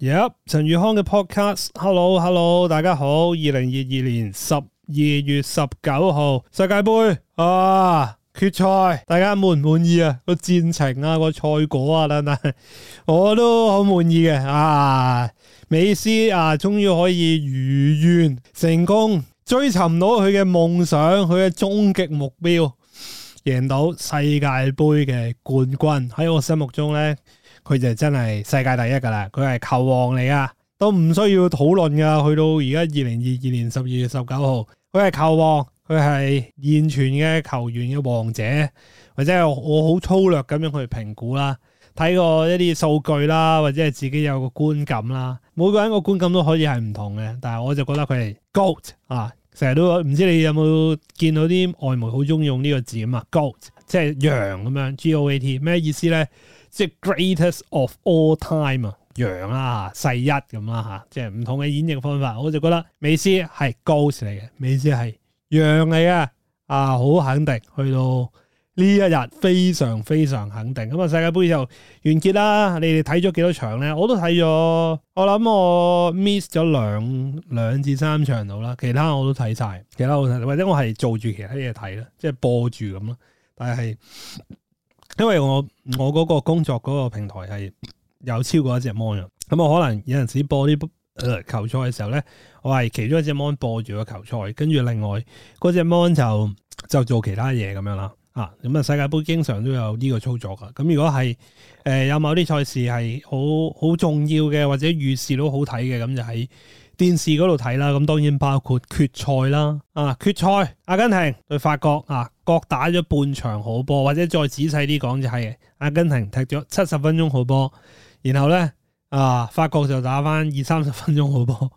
Yep，陳宇康嘅 podcast，hello hello，大家好，二零二二年十二月十九號世界盃啊，決賽，大家滿唔滿意啊？個戰情啊，個賽果啊，等等，我都好滿意嘅啊！美斯啊，終於可以如願成功追尋到佢嘅夢想，佢嘅終極目標，贏到世界盃嘅冠軍。喺我心目中呢，佢就真係世界第一噶啦，佢係球王嚟啊，都唔需要討論噶。去到而家二零二二年十二月十九號，佢係球王，佢係現存嘅球員嘅王者，或者係我好粗略咁樣去評估啦，睇過一啲數據啦，或者係自己有個觀感啦。每個人個觀感都可以係唔同嘅，但係我就覺得佢係 goat 啊，成日都唔知你有冇見到啲外媒好中意用呢個字啊嘛，goat 即係羊咁樣，goat 咩意思咧？即係 greatest of all time 啊，羊啊，世一咁啦吓，即係唔同嘅演繹方法。我就覺得美斯係 GOAT 嚟嘅，美斯係羊嚟嘅，啊好肯定，去到呢一日非常非常肯定。咁、嗯、啊，世界杯就完結啦，你哋睇咗幾多場咧？我都睇咗，我諗我 miss 咗兩兩至三場度啦，其他我都睇晒，其他我或者我係做住其他嘢睇啦，即係播住咁啦。但係。因為我我嗰個工作嗰個平台係有超過一隻 mon 嘅，咁、嗯、我可能有陣時播啲誒球賽嘅時候咧、呃，我係其中一隻 mon 播住個球賽，跟住另外嗰隻 mon 就就做其他嘢咁樣啦。啊，咁啊，世界盃經常都有呢個操作噶。咁如果係誒、呃、有某啲賽事係好好重要嘅，或者預示到好睇嘅，咁就喺電視嗰度睇啦。咁當然包括決賽啦。啊，決賽，阿根廷對法國啊，各打咗半場好波，或者再仔細啲講就係、是、阿根廷踢咗七十分鐘好波，然後咧啊，法國就打返二三十分鐘好波。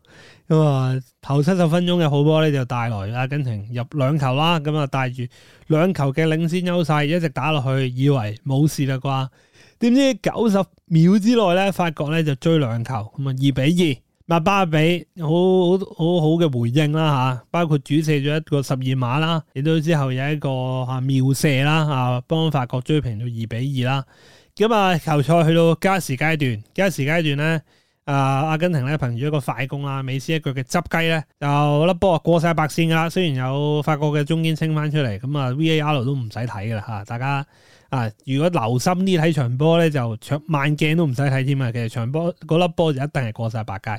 咁啊、哦，頭七十分鐘嘅好波咧，就帶來阿根廷入兩球啦。咁啊，帶住兩球嘅領先優勢，一直打落去，以為冇事啦啩？點知九十秒之內咧，法國咧就追兩球，咁啊二比二，麥巴比好好好，好好好好嘅回應啦吓，包括主射咗一個十二碼啦，亦都之後有一個吓妙射啦，吓幫法國追平到二比二啦。咁啊，球賽去到加時階段，加時階段咧。啊、呃！阿根廷咧憑住一個快攻啦，美斯一腳嘅執雞咧，就粒波啊過晒白線㗎啦。雖然有法國嘅中堅清返出嚟，咁啊 VAR 都唔使睇㗎啦嚇，大家。啊！如果留心啲睇場波咧，就長慢鏡都唔使睇添啊。其實場波嗰粒波就一定係過晒白界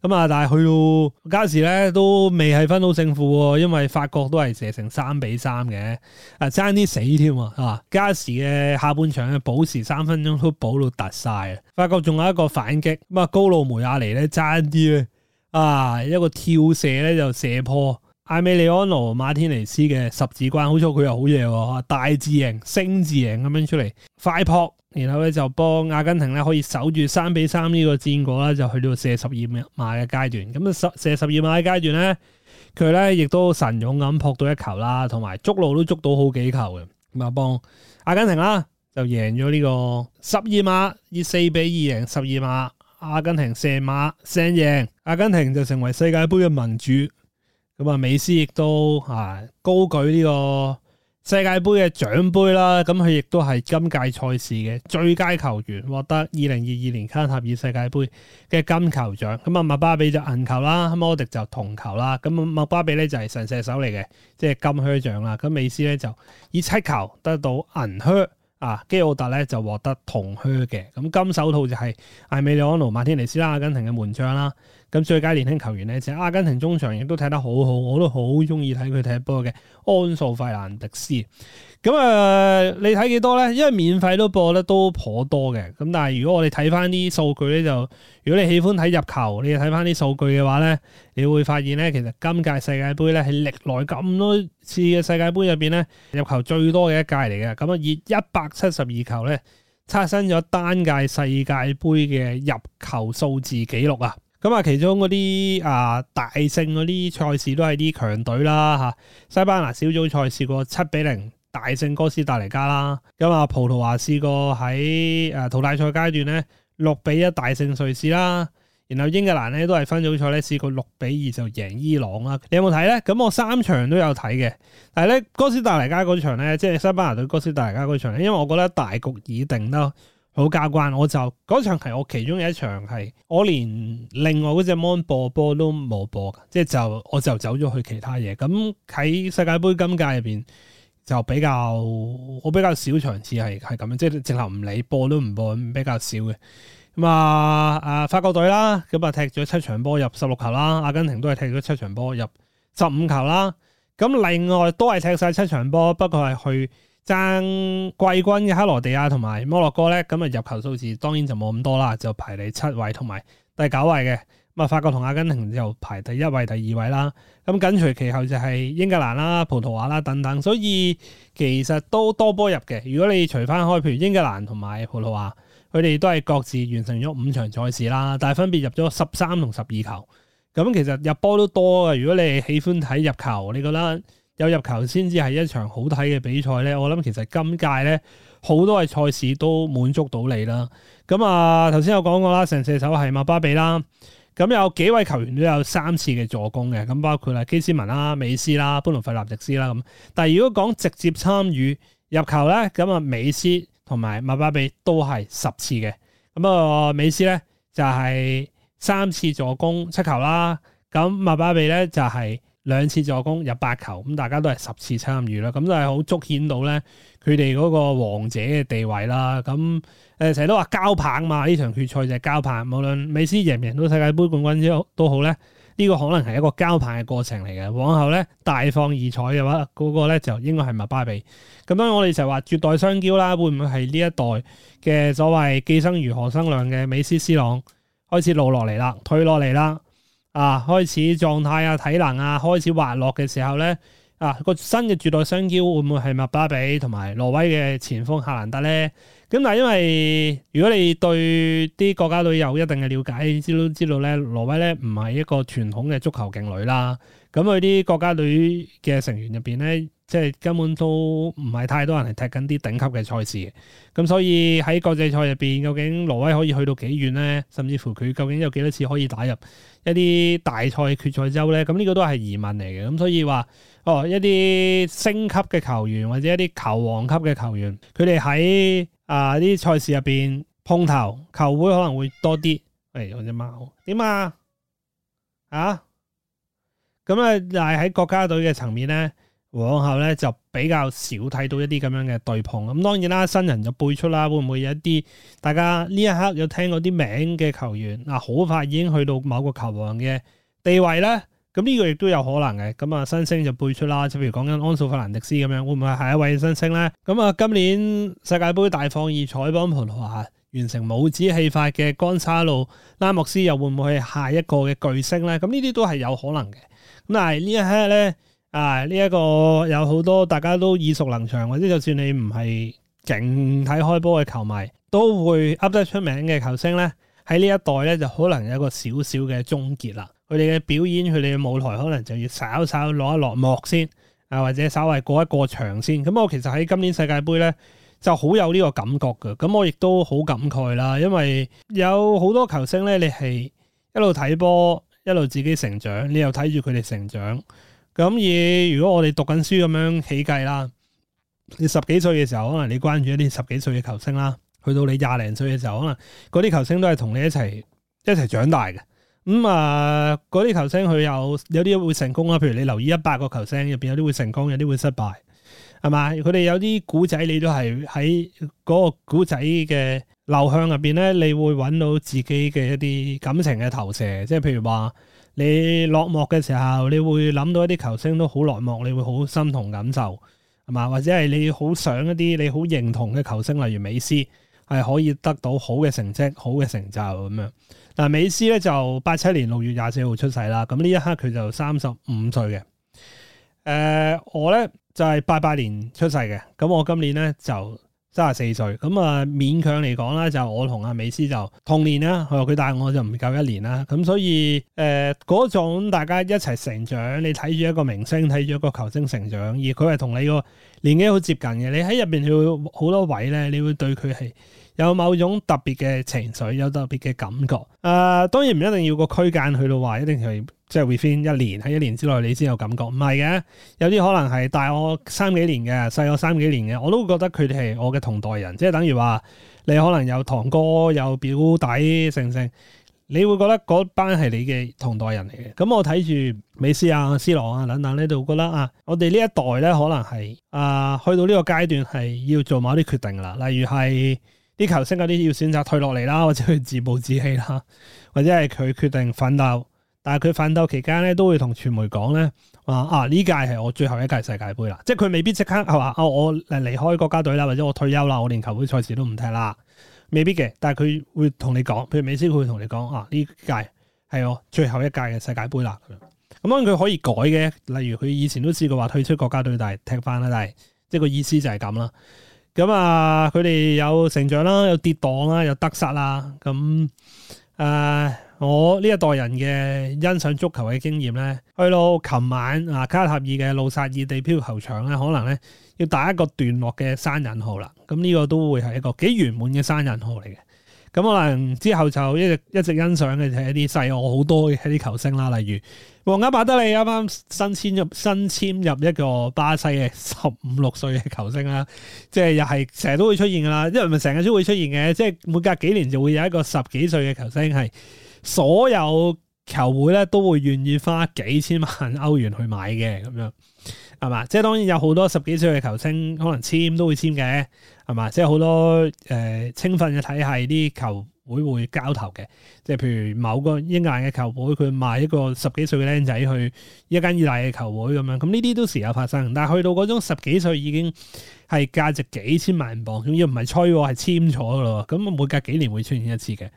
咁啊。但係去到加時咧，都未係分到勝負喎，因為法國都係射成三比三嘅，啊爭啲死添啊！加時嘅下半場嘅補時三分鐘都補到突晒。啊！法國仲有一個反擊，咁啊高路梅亞尼咧爭啲咧啊一個跳射咧就射破艾美利安羅馬天尼斯嘅十字關，好彩佢又好嘢，大字型、星字型咁樣出嚟，快撲，然後咧就幫阿根廷咧可以守住三比三呢個戰果啦，就去到射十二碼嘅階段。咁啊，射射十二碼嘅階段咧，佢咧亦都神勇咁撲到一球啦，同埋捉路都捉到好幾球嘅，咁啊，幫阿根廷啦就贏咗呢個十二碼，以四比二贏十二碼，阿根廷射碼勝贏，阿根廷就成為世界杯嘅民主。咁啊，美斯亦都啊高舉呢個世界杯嘅獎盃啦，咁佢亦都係今屆賽事嘅最佳球員，獲得二零二二年卡塔爾世界杯嘅金球獎。咁啊，麥巴比就銀球啦，摩迪就銅球啦。咁啊，麥巴比咧就係神射手嚟嘅，即係金靴獎啦。咁美斯咧就以七球得到銀靴。啊，基奧特咧就獲得銅靴嘅，咁金手套就係艾美利安奴、馬天尼斯啦，阿根廷嘅門將啦，咁最佳年輕球員呢，就係、阿根廷中場，亦都踢得好好，我都好中意睇佢踢波嘅安素費蘭迪斯。咁、嗯、啊、呃，你睇幾多呢？因為免費都播得都頗多嘅，咁但係如果我哋睇翻啲數據咧就。如果你喜歡睇入球，你睇翻啲數據嘅話咧，你會發現咧，其實今屆世界盃咧係歷來咁多次嘅世界盃入邊咧入球最多嘅一屆嚟嘅。咁啊，以一百七十二球咧刷新咗單屆世界盃嘅入球數字紀錄啊！咁、嗯、啊，其中嗰啲啊大勝嗰啲賽事都係啲強隊啦嚇。西班牙小組賽試過七比零大勝哥斯達黎加啦。咁、嗯、啊，葡萄牙試過喺誒淘汰賽階段咧。六比一大勝瑞士啦，然後英格蘭咧都係分組賽咧，試過六比二就贏伊朗啦。你有冇睇咧？咁我三場都有睇嘅，但係咧哥斯達黎加嗰場咧，即係西班牙對哥斯達黎加嗰場咧，因為我覺得大局已定啦，好加關，我就嗰場係我其中嘅一場係，我連另外嗰隻 mon 播波都冇播，即係就我就走咗去其他嘢。咁喺世界盃今屆入邊。就比較我比較少場次係係咁樣，即係直頭唔理，播都唔播，比較少嘅。咁啊啊法國隊啦，咁啊踢咗七場波入十六球啦。阿根廷都係踢咗七場波入十五球啦。咁另外都係踢晒七場波，不過係去爭季軍嘅克羅地亞同埋摩洛哥咧。咁啊入球數字當然就冇咁多啦，就排喺七位同埋第九位嘅。法國同阿根廷就排第一位、第二位啦。咁緊隨其後就係英格蘭啦、葡萄牙啦等等。所以其實都多波入嘅。如果你除翻開，譬如英格蘭同埋葡萄牙，佢哋都係各自完成咗五場賽事啦，但係分別入咗十三同十二球。咁其實入波都多呀。如果你喜歡睇入球，你覺得有入球先至係一場好睇嘅比賽呢？我諗其實今屆呢，好多嘅賽事都滿足到你啦。咁啊，頭先有講過啦，成射手係馬巴比啦。咁有幾位球員都有三次嘅助攻嘅，咁包括啦基斯文啦、美斯啦、布隆弗納迪斯啦咁。但係如果講直接參與入球咧，咁啊美斯同埋麥巴比都係十次嘅。咁啊美斯咧就係三次助攻七球啦，咁麥巴比咧就係、是，兩次助攻入八球，咁大家都係十次參與啦，咁都係好足顯到咧佢哋嗰個王者嘅地位啦。咁誒成日都話交棒嘛，呢場決賽就係交棒，無論美斯贏唔贏到世界盃冠軍都都好咧，呢、呢個可能係一個交棒嘅過程嚟嘅。往後咧大放異彩嘅話，嗰、嗰個咧就應該係麥巴比。咁當然我哋成日話絕代雙驕啦，會唔會係呢一代嘅所謂寄生如何生量嘅美斯、C 朗開始老落嚟啦，退落嚟啦？啊，開始狀態啊，體能啊，開始滑落嘅時候咧，啊個新嘅絕代雙驕會唔會係麥巴比同埋挪威嘅前鋒哈蘭德咧？咁但係因為如果你對啲國家隊有一定嘅了解，你知都知道咧，挪威咧唔係一個傳統嘅足球勁旅啦。咁佢啲國家隊嘅成員入邊咧。即係根本都唔係太多人係踢緊啲頂級嘅賽事。咁所以喺國際賽入邊，究竟挪威可以去到幾遠呢？甚至乎佢究竟有幾多次可以打入一啲大賽嘅決賽周呢？咁呢個都係疑問嚟嘅。咁所以話哦，一啲星級嘅球員或者一啲球王級嘅球員，佢哋喺啊啲賽事入邊碰頭，球會可能會多啲。喂、哎，有隻貓點啊？啊？咁啊，但係喺國家隊嘅層面呢。往後咧就比較少睇到一啲咁樣嘅對碰啦。咁當然啦，新人就輩出啦。會唔會有一啲大家呢一刻有聽過啲名嘅球員，嗱、啊、好快已經去到某個球王嘅地位咧？咁呢個亦都有可能嘅。咁、嗯、啊，新星就輩出啦。即係譬如講緊安素法蘭迪斯咁樣，會唔會係一位新星咧？咁、嗯、啊，今年世界杯大放異彩，幫葡萄牙完成帽子戲法嘅干沙路、拉莫斯，又會唔會係下一個嘅巨星咧？咁呢啲都係有可能嘅。咁但係呢一刻咧。啊！呢、這、一個有好多大家都耳熟能詳，或者就算你唔係淨睇開波嘅球迷，都會噏得出名嘅球星咧，喺呢一代咧就可能有一個少少嘅終結啦。佢哋嘅表演，佢哋嘅舞台可能就要稍稍落一落幕先啊，或者稍微過一過場先。咁、嗯、我其實喺今年世界盃咧就好有呢個感覺㗎。咁、嗯、我亦都好感慨啦，因為有好多球星咧，你係一路睇波，一路自己成長，你又睇住佢哋成長。咁而如果我哋讀緊書咁樣起計啦，你十幾歲嘅時候，可能你關注一啲十幾歲嘅球星啦，去到你廿零歲嘅時候，可能嗰啲球星都係同你一齊一齊長大嘅。咁、嗯、啊、嗰、呃、啲球星佢有有啲會成功啊。譬如你留意一百個球星入邊，有啲會成功，有啲會失敗，係咪？佢哋有啲古仔，你都係喺嗰個古仔嘅流向入邊咧，你會揾到自己嘅一啲感情嘅投射，即係譬如話。你落寞嘅時候，你會諗到一啲球星都好落寞，你會好心同感受，係嘛？或者係你好想一啲你好認同嘅球星，例如美斯，係可以得到好嘅成績、好嘅成就咁樣。但係，美斯咧就八七年六月廿四號出世啦，咁呢一刻佢就三十五歲嘅。誒、呃，我咧就係八八年出世嘅，咁我今年咧就。三十四歲，咁啊、嗯、勉強嚟講啦，就我同阿美斯就同年啦。佢話佢大我就唔夠一年啦，咁、嗯、所以誒嗰、呃、種大家一齊成長，你睇住一個明星，睇住一個球星成長，而佢係同你個年紀好接近嘅，你喺入邊你好多位咧，你會對佢係有某種特別嘅情緒，有特別嘅感覺。誒、呃，當然唔一定要個區間去到話一定係。即係 within 一年，喺一年之內你先有感覺，唔係嘅，有啲可能係大我三幾年嘅，細我三幾年嘅，我都會覺得佢哋係我嘅同代人，即係等於話你可能有堂哥、有表弟，剩剩，你會覺得嗰班係你嘅同代人嚟嘅。咁我睇住美斯啊、C 朗啊等等呢度覺得啊，我哋呢一代咧可能係啊、呃，去到呢個階段係要做某啲決定啦，例如係啲球星嗰啲要選擇退落嚟啦，或者去自暴自棄啦，或者係佢決定奮鬥。但係佢奮鬥期間咧，都會同傳媒講咧，啊啊呢屆係我最後一屆世界盃啦，即係佢未必即刻係話啊我嚟離開國家隊啦，或者我退休啦，我連球會賽事都唔踢啦，未必嘅。但係佢會同你講，譬如美斯會同你講啊，呢屆係我最後一屆嘅世界盃啦。咁樣咁當然佢可以改嘅，例如佢以前都試過話退出國家隊，但係踢返啦，但係即係個意思就係咁啦。咁、嗯、啊，佢、嗯、哋有成長啦，有跌宕啦，有得失啦，咁、嗯、誒。呃我呢一代人嘅欣賞足球嘅經驗咧，去到琴晚啊，卡塔爾嘅路薩爾地標球場咧，可能咧要打一個段落嘅三人號啦。咁、嗯、呢、這個都會係一個幾圓滿嘅三人號嚟嘅。咁、嗯、可能之後就一直一直欣賞嘅就係一啲細我好多嘅一啲球星啦，例如皇家馬德里，啱啱新簽入新簽入一個巴西嘅十五六歲嘅球星啦，即係又係成日都會出現噶啦，因為咪成日都會出現嘅，即係每隔幾年就會有一個十幾歲嘅球星係。所有球會咧都會願意花幾千萬歐元去買嘅，咁樣係嘛？即係當然有好多十幾歲嘅球星，可能簽都會簽嘅，係嘛？即係好多誒青訓嘅體系啲球會會交投嘅，即係譬如某個英格蘭嘅球會，佢賣一個十幾歲嘅僆仔去一間意大利嘅球會咁樣，咁呢啲都時有發生。但係去到嗰種十幾歲已經係價值幾千萬磅，仲要唔係吹，係簽咗嘅，咁啊每隔幾年會出現一次嘅。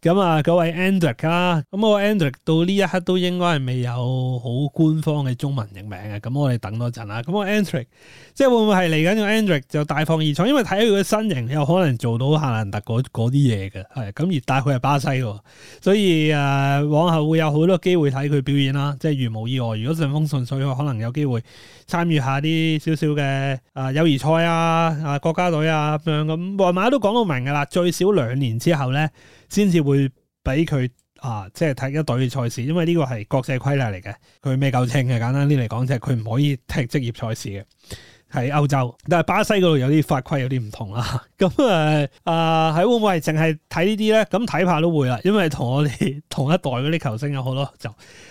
咁啊，嗰位 Endrick 啦，咁我 Endrick 到呢一刻都應該係未有好官方嘅中文譯名嘅，咁我哋等多陣啦。咁我 Endrick 即係會唔會係嚟緊個 Endrick 就大放異彩，因為睇佢嘅身形，有可能做到夏蘭特嗰啲嘢嘅，係咁而但佢係巴西嘅，所以誒、啊、往後會有好多機會睇佢表演啦。即係如無意外，如果順風順水，我可能有機會參與一下啲少少嘅啊友誼賽啊、啊國家隊啊咁樣咁。皇馬都講到明㗎啦，最少兩年之後咧。先至會俾佢啊，即係踢一隊嘅賽事，因為呢個係國際規例嚟嘅，佢咩夠秤嘅？簡單啲嚟講，就係佢唔可以踢職業賽事嘅。喺歐洲，但係巴西嗰度有啲法規有啲唔同啊。咁 啊、嗯，啊、呃，係會唔會淨係睇呢啲呢？咁睇怕都會啦，因為同我哋同一代嗰啲球星有好多就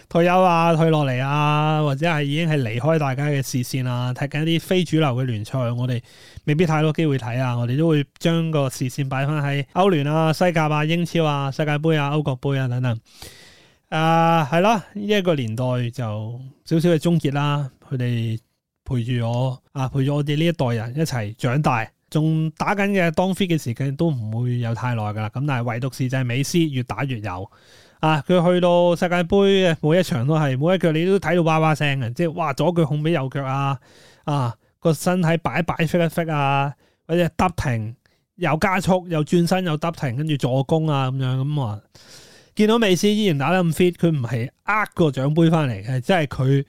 退休啊、退落嚟啊，或者係已經係離開大家嘅視線啊。踢緊啲非主流嘅聯賽，我哋未必太多機會睇啊。我哋都會將個視線擺翻喺歐聯啊、西甲啊、英超啊、世界盃啊、歐國盃啊等等。啊、呃，係啦，呢一個年代就少少嘅終結啦，佢哋。陪住我啊，陪住我哋呢一代人一齊長大，仲打緊嘅當 fit 嘅時間都唔會有太耐噶啦。咁但係唯獨是就係美斯越打越有啊！佢去到世界杯每一場都係，每一腳你都睇到哇哇聲嘅，即係，哇，左腳控俾右腳啊，啊，個身體擺擺 fit fit 啊，或者篤停又加速又轉身又篤停跟住助攻啊，咁樣，咁啊見到美斯依然打得咁 fit，佢唔係呃個獎杯翻嚟，係真係佢。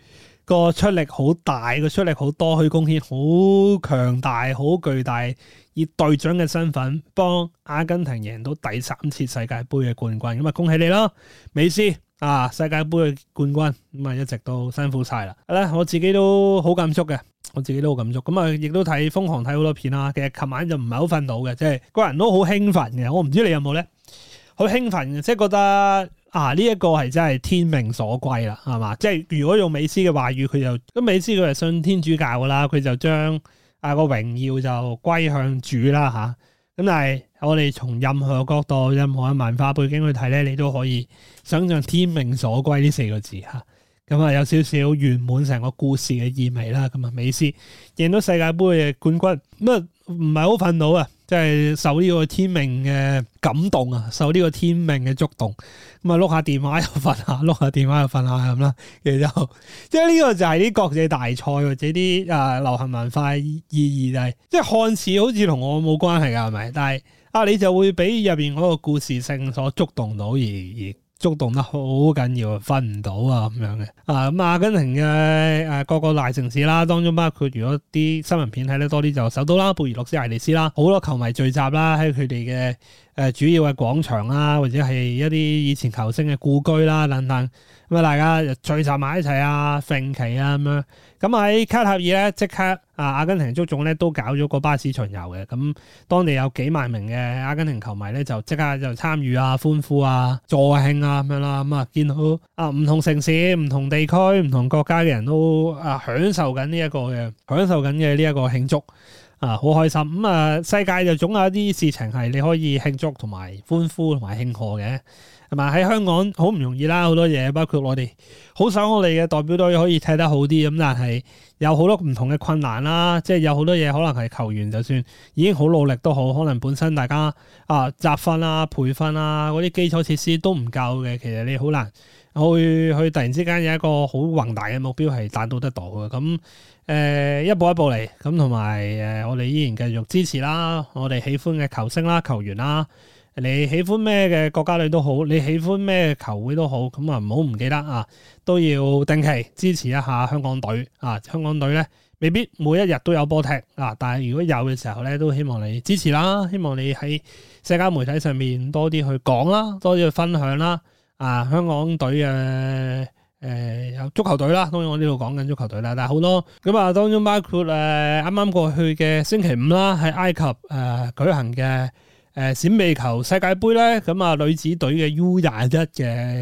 個出力好大，個出力好多，去貢獻好強大、好巨大，以隊長嘅身份幫阿根廷贏到第三次世界盃嘅冠軍，咁啊恭喜你咯，美斯，啊世界盃嘅冠軍，咁啊一直都辛苦晒啦。好啦，我自己都好感觸嘅，我自己都好感觸，咁啊亦都睇瘋狂睇好多片啦。其實琴晚就唔係好瞓到嘅，即係個人都好興奮嘅。我唔知你有冇咧？好興奮，即係覺得。啊！呢、這、一個係真係天命所歸啦，係嘛？即係如果用美斯嘅話語，佢就咁，美斯佢係信天主教噶啦，佢就將啊、那個榮耀就歸向主啦吓。咁、啊、但係我哋從任何角度、任何文化背景去睇咧，你都可以想象天命所歸呢四個字吓。咁啊、嗯、有少少圓滿成個故事嘅意味啦。咁、嗯、啊美斯贏到世界盃嘅冠軍，咁啊唔係好憤怒啊！即係受呢個天命嘅感動啊，受呢個天命嘅觸動，咁啊碌下電話又瞓下，碌下電話又瞓下咁啦。然後即係呢個就係啲國際大賽或者啲啊流行文化意義就係，即係看似好似同我冇關係噶，係咪？但係啊你就會俾入面嗰個故事性所觸動到而而。觸動得好緊要啊，瞓唔到啊咁樣嘅，啊咁、嗯、阿根廷嘅誒各個大城市啦，當中包括如果啲新聞片睇得多啲就首都啦，布宜諾斯艾利斯啦，好多球迷聚集啦喺佢哋嘅誒主要嘅廣場啦，或者係一啲以前球星嘅故居啦等等，咁、嗯、啊大家就聚集埋一齊啊，豔旗啊咁樣。咁喺卡塔爾咧，即刻啊，阿根廷足總咧都搞咗個巴士巡遊嘅，咁當地有幾萬名嘅阿根廷球迷咧，就即刻就參與啊、歡呼啊、助慶啊咁樣啦，咁啊見到啊唔同城市、唔同地區、唔同國家嘅人都啊享受緊呢一個嘅享受緊嘅呢一個慶祝。啊，好開心咁、嗯、啊！世界就總有一啲事情係你可以慶祝同埋歡呼同埋慶賀嘅，同埋喺香港好唔容易啦，好多嘢包括我哋好想我哋嘅代表隊可以踢得好啲咁，但係有好多唔同嘅困難啦，即係有好多嘢可能係球員就算已經好努力都好，可能本身大家啊集訓啊培訓啊嗰啲基礎設施都唔夠嘅，其實你好難。去去突然之間有一個好宏大嘅目標係達到得到嘅，咁誒、呃、一步一步嚟，咁同埋誒我哋依然繼續支持啦，我哋喜歡嘅球星啦、球員啦，你喜歡咩嘅國家隊都好，你喜歡咩球會都好，咁啊唔好唔記得啊，都要定期支持一下香港隊啊！香港隊咧未必每一日都有波踢啊，但係如果有嘅時候咧，都希望你支持啦，希望你喺社交媒體上面多啲去講啦，多啲去分享啦。啊，香港隊誒誒有足球隊啦，當然我呢度講緊足球隊啦，但係好多咁啊，當中包括誒啱啱過去嘅星期五啦、啊，喺埃及誒、啊、舉行嘅誒閃避球世界杯咧，咁啊女子隊嘅 U 廿一嘅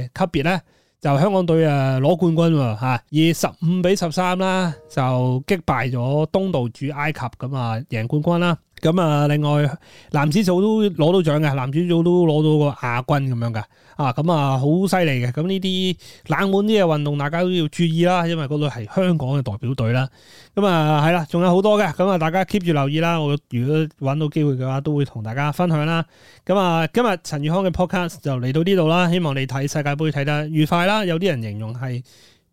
級別咧，就香港隊誒攞冠軍喎、啊、吓，以十五比十三啦就擊敗咗東道主埃及咁啊贏冠軍啦、啊。咁啊，另外男子組都攞到獎嘅，男子組都攞到個亞軍咁樣嘅，啊，咁啊好犀利嘅，咁呢啲冷門啲嘅運動，大家都要注意啦，因為嗰度係香港嘅代表隊啦。咁啊，係啦，仲有好多嘅，咁啊，大家 keep 住留意啦。我如果揾到機會嘅話，都會同大家分享啦。咁啊，今日陳宇康嘅 podcast 就嚟到呢度啦，希望你睇世界盃睇得愉快啦。有啲人形容係，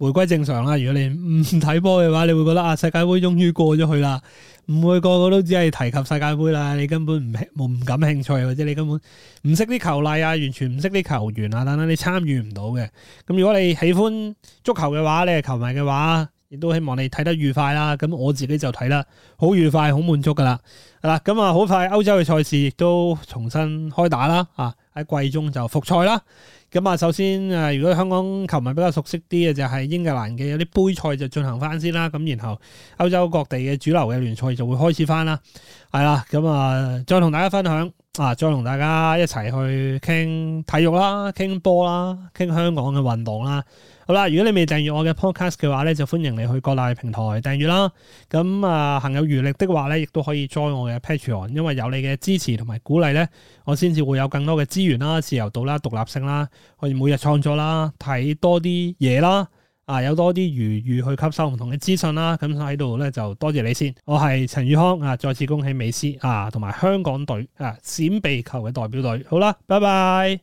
回歸正常啦！如果你唔睇波嘅話，你會覺得啊，世界盃終於過咗去啦，唔會個個都只係提及世界盃啦，你根本唔興、唔感興趣，或者你根本唔識啲球例啊，完全唔識啲球員啊等等，你參與唔到嘅。咁如果你喜歡足球嘅話，你係球迷嘅話，亦都希望你睇得愉快啦。咁我自己就睇得好愉快、好滿足噶啦。係啦，咁啊，好快，歐洲嘅賽事亦都重新開打啦。啊，喺季中就復賽啦。咁啊，首先誒，如果香港球迷比較熟悉啲嘅，就係英格蘭嘅有啲杯賽就進行翻先啦。咁然後歐洲各地嘅主流嘅聯賽就會開始翻啦。係啦，咁啊，再同大家分享。啊，再同大家一齊去傾體育啦，傾波啦，傾香港嘅運動啦。好啦，如果你未訂閱我嘅 podcast 嘅話咧，就歡迎你去各大平台訂閱啦。咁、嗯、啊，行有餘力的話咧，亦都可以 join 我嘅 Patreon，因為有你嘅支持同埋鼓勵咧，我先至會有更多嘅資源啦、自由度啦、獨立性啦，可以每日創作啦，睇多啲嘢啦，啊，有多啲餘裕去吸收唔同嘅資訊啦，咁喺度呢就多謝你先，我係陳宇康啊，再次恭喜美斯啊，同埋香港隊啊閃避球嘅代表隊，好啦，拜拜。